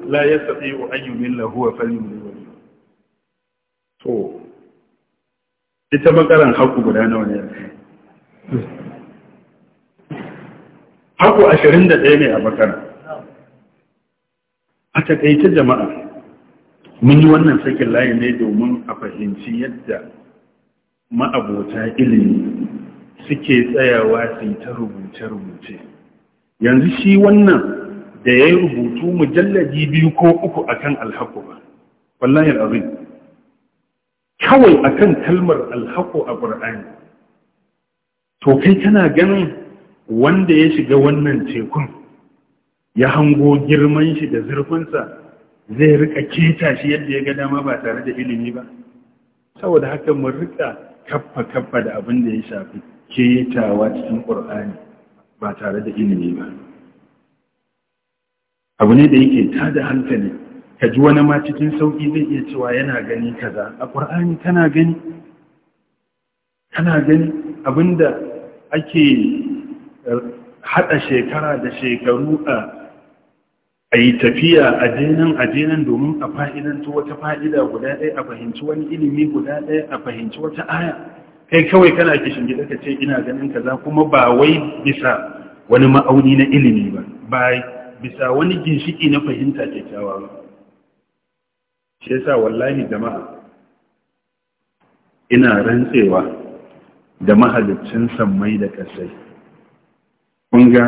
la yastati'u an yumilla huwa falyumil to ita bakaran haku guda nawa ne haku 21 ne a bakara a takaice jama'a mun yi wannan sakin layi ne domin a fahimci yadda ma'abota ilimi suke tsayawa su ta rubuce-rubuce yanzu shi wannan da ya yi rubutu mujalladi biyu ko uku akan alhaku ba wallahi azim kawai akan kalmar alhaƙo a ƙur'ani to kai kana ganin wanda ya shiga wannan tekun ya hango girman shi da zurfinsa zai rika keta shi yadda ya ga dama ba tare da ilimi ba saboda haka mun rika kaffa kaffa da abin da ya shafi ketawa cikin ƙur'ani ba tare da ilimi ba abu ne da yake tada hankali ka wani ma cikin sauƙi zai iya cewa yana gani kaza a ƙwar'ani tana gani gani abinda ake eh, haɗa shekara da shekaru a a yi tafiya a jenan a jenan domin a fa'idanta wata fa'ida guda ɗaya a fahimci wani ilimi guda ɗaya a fahimci wata aya kai kawai kana kishin gida ka ce ina ganin kaza kuma ba wai bisa wani ma'auni na ilimi ba ba bisa wani ginshiki na fahimta kyakkyawa ba shi yasa wallahi jama'a ina rantsewa da mahalicin sammai da kasai kun ga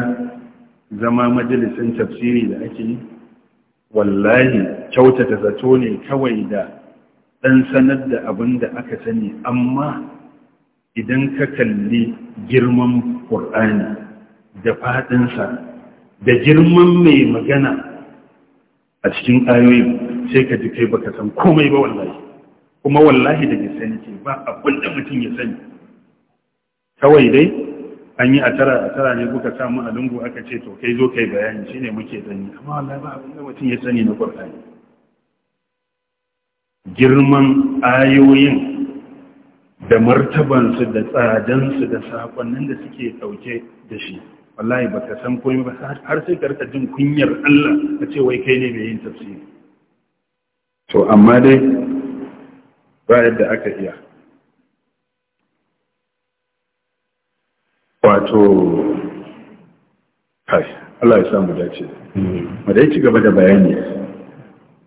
zama majalisin tafsiri da ake yi wallahi kyautata zato ne kawai da ɗan sanar da abin da aka sani amma idan ka kalli girman ƙur'ani da faɗinsa da girman mai magana a cikin ayoyin sai ka ji kai baka san komai ba wallahi kuma wallahi da sani ce ba abin da mutum ya sani kawai dai an yi a tara ne kuka samu a lungu aka ce to kai zo kai bayani shine muke sani amma wallahi ba abin da mutum ya sani na kwarfani girman ayoyin da martabansu da tsadansu da sakonnin da suke ɗauke da shi wallahi baka san komai ba har sai ka rika jin kunyar Allah ka ce wai kai ne mai yin tafsiri to amma dai ba yadda aka iya wato kai Allah ya samu dace dai ci gaba da bayani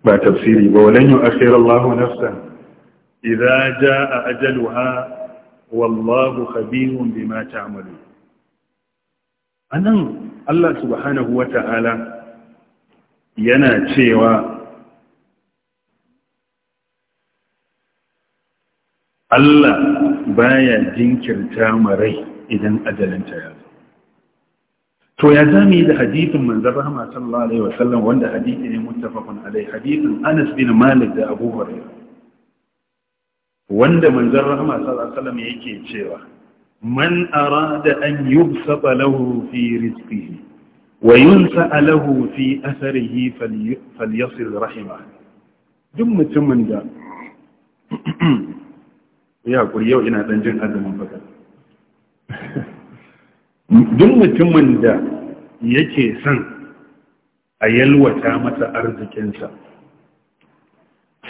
ba tafsiri ba walan yu'akhir Allahu nafsan idza jaa ajaluha wallahu khabirun bima ta'malu anan Allah subhanahu wata'ala yana cewa Allah baya jinkirta marai idan ajalinta ya zo to ya zame da hadithin manzon rahama sallallahu alaihi wasallam wanda hadithi ne muttafaqun alai hadithin Anas bin Malik da Abu Hurairah wanda manzon rahama sallallahu alaihi wasallam yake cewa man arada an yubsata lahu fi rizqihi wa yunsa lahu fi atharihi falyasil rahima. duk mutumin da ya hakuri yau ina dan jin azumin fata duk mutumin da yake son a yalwata masa arzikinsa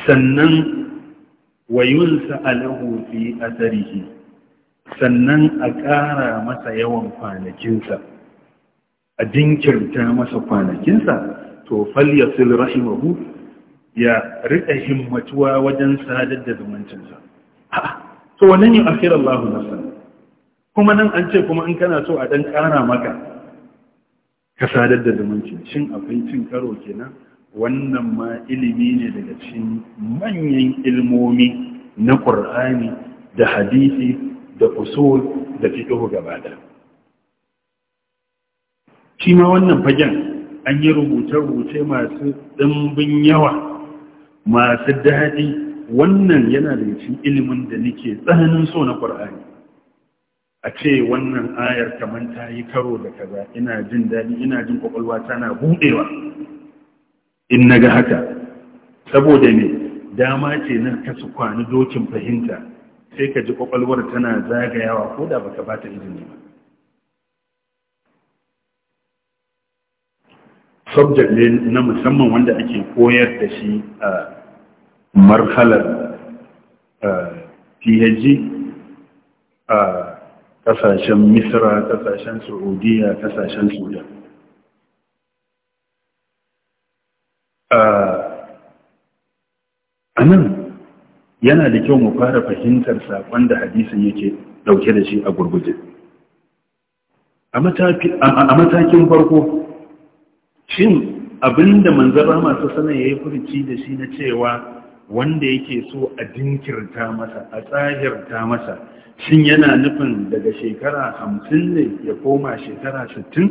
sannan wayunsa alahu fi asarihi sannan a ƙara masa yawan kwanakinsa a jinkirta masa kwanakinsa to falyasil rahimahu ya riƙa himmatuwa wajen sadar da zumuncinsa to wannan a akhir Allah kuma nan an ce kuma in kana so a dan kara maka ka sadar da zumunci shin akwai karo kenan wannan ma ilimi ne daga cikin manyan ilmomi na Qur'ani da hadisi da usul da fiqh gaba da shi ma wannan fagen an yi rubuce-rubuce masu ɗimbin yawa masu daɗi wannan yana da cikin ilimin da nake tsananin so na ƙwar'ani a ce wannan ayar kamar ta yi karo da kaza ina jin daɗi ina jin ƙwaƙwalwa tana buɗewa in na ga haka saboda ne dama ce na kasu kwani dokin fahimta sai ka ji ƙwaƙwalwar tana zagayawa ko da baka bata ta izini ba subject ne na musamman wanda ake koyar da shi a marhalar eh, phd a eh, kasashen misra kasashen saudiya kasashen sudan eh, a nan yana da kyau mu fara fahimtar saƙon da hadisin yake ɗauke da shi a gurguje a matakin farko shin abinda manzara masu sanar ya yi da shi na cewa wanda yake so a dinkirta masa a tsahirta masa shin yana nufin daga shekara hamsin ne ya koma shekara sittin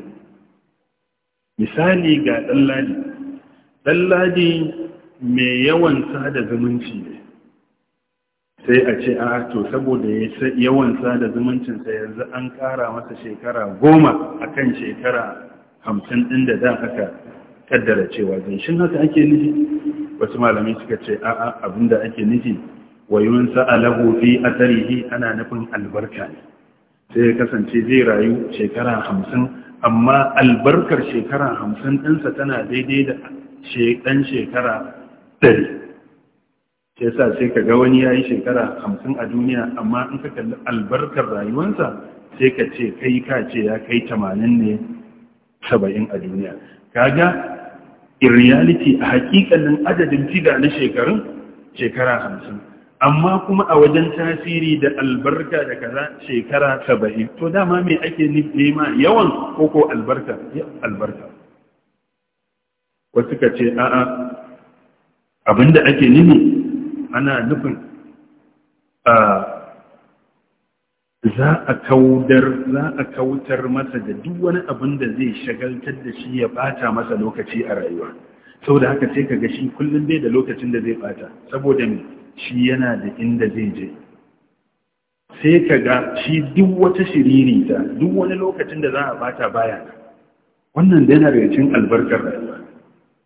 misali ga ɗanladi ɗanladi mai yawan sada zumunci ne sai a ce a to saboda yawan sada zumuncinsa yanzu an ƙara masa shekara goma a kan shekara hamsin ɗin da za aka kaddara cewa zai shin haka ake nufi wasu malamai suka ce a'a da ake nufi wa a lagofi a tarihi ana nufin albarka ne sai ya kasance zai rayu shekara hamsin amma albarkar shekara hamsin ɗinsa tana daidai da ɗan shekara ɗari sai sa sai ka ga wani ya yi shekara hamsin a duniya amma in ka kalli albarkar rayuwansa sai ka ce kai ka ce ya kai tamanin ne saba'in a duniya kaga in reality a hakikanin adadin tida na shekarun shekara hamsin amma kuma a wajen tasiri da albarka da kaza shekara saba'in to dama mai ake nema yawan koko albarka albarka wasu ka ce a'a abinda ake nimi ana nufin ah, za a kaudar za a kautar masa da duk wani abin da zai shagaltar da shi ya bata masa lokaci a rayuwa saboda haka sai ka ga shi kullum dai da lokacin da zai bata saboda me shi yana da inda zai je sai ka ga shi duk wata shiriri ta duk wani lokacin da za a bata baya wannan da yana daga cin albarkar rayuwa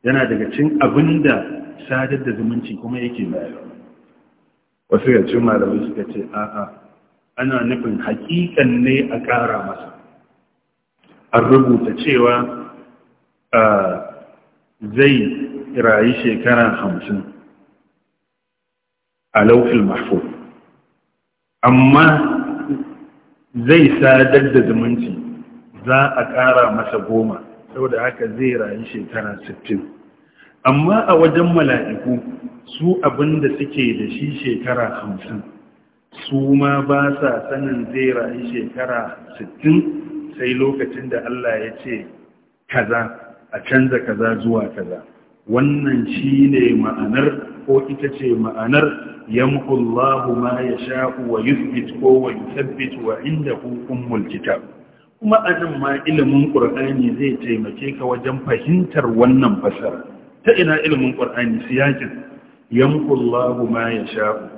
yana daga cin abin da sadar da zumunci kuma yake bayarwa wasu yancin malamai suka ce a'a ana nufin haƙiƙan ne a ƙara masa an rubuta cewa zai rayu shekara hamsin a laufin mafi amma zai sadar da zumunci za a ƙara masa goma saboda haka zai rayu shekara sittin amma a wajen mala'iku su abinda suke da shi shekara hamsin su ma ba sa sanin zai rayu shekara 60 sai lokacin da Allah ya ce kaza a canza kaza zuwa kaza wannan shi ne ma'anar ko ita ce ma'anar yamkullahu ma ya sha'u wa yusbit ko wa yusabbit wa inda hukumul mulkita'. kuma anan ma ilimin ƙur'ani zai taimake ka wajen fahimtar wannan fasara ta ina ilimin qur'ani siyakin yamkullahu ma ya sha'u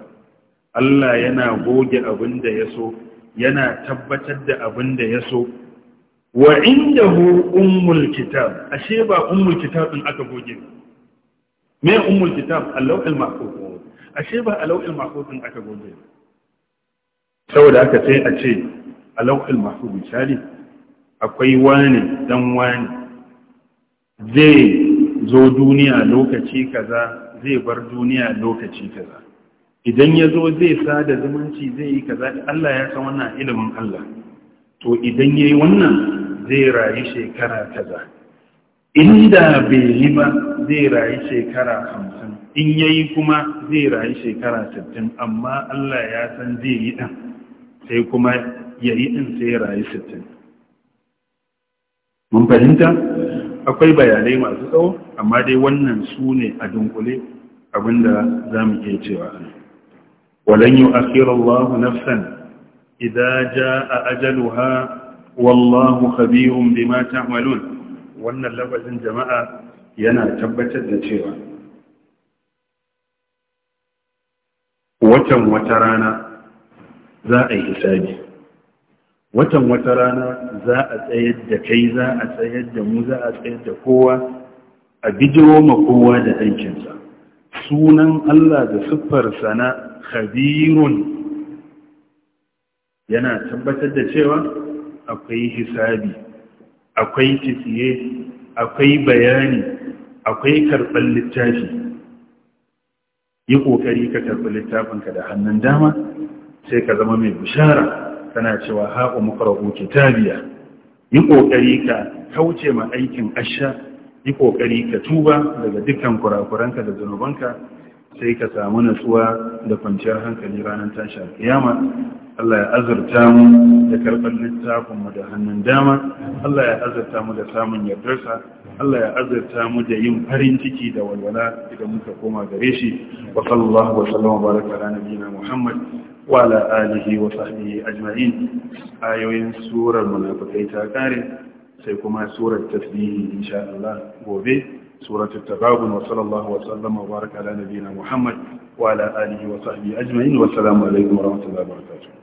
Allah yana goge abin da ya so yana tabbatar da abin da ya so wa indahu ummul kitab ashe ba ummul kitab din aka goge me ummul kitab Allah lawhul mahfuz ashe ba al-lawhul mahfuz din aka goge saboda haka sai a ce al-lawhul mahfuz misali akwai wani dan wani zai zo duniya lokaci kaza zai bar duniya lokaci kaza idan ya zo zai sa da zumunci zai yi kaza Allah ya san wannan ilimin Allah to idan ya wannan zai rayu shekara kaza inda bai yi ba zai rayu shekara hamsin in ya yi kuma zai rayu shekara sittin amma Allah ya san zai yi ɗan sai kuma ya yi sai ya rayu sittin mun fahimta akwai bayanai masu tsawo amma dai wannan su ne a dunkule abinda za mu iya cewa ana ولن يؤخر الله نفسا إذا جاء أجلها والله خبير بما تعملون وأن اللفظ جماعة ينا da cewa. watan wata rana za a yi hisabi watan wata rana za a tsayar da kai za a tsayar da mu za a tsayar da kowa a bijiro kowa da aikinsa sunan Allah da siffarsa na khabirun yana tabbatar da cewa akwai hisabi akwai tisiye akwai bayani akwai karɓar littafi yi ƙoƙari ka karɓi littafinka da hannun dama sai ka zama mai bishara kana cewa haƙo ta biya. yi ƙoƙari ka kauce ma aikin asha yi ƙoƙari ka tuba daga dukkan kurakuranka da zunubanka sai ka samu natsuwa da kwanciyar hankali ranar tashi alkiyama Allah ya azurta mu da karɓar littafin mu da hannun dama Allah ya azurta mu da samun yardarsa Allah ya azurta mu da yin farin ciki da walwala idan muka koma gare shi wa sallallahu wa sallama baraka ala nabiyina Muhammad wa ala alihi wa sahbihi ajma'in ayoyin surar munafikai ta kare sai kuma surar tasbihi insha Allah gobe suratul tagabun wa sallallahu wa sallama wa baraka ala nabiyina Muhammad wa ala alihi wa sahbihi ajma'in wa assalamu alaikum wa rahmatullahi wa barakatuh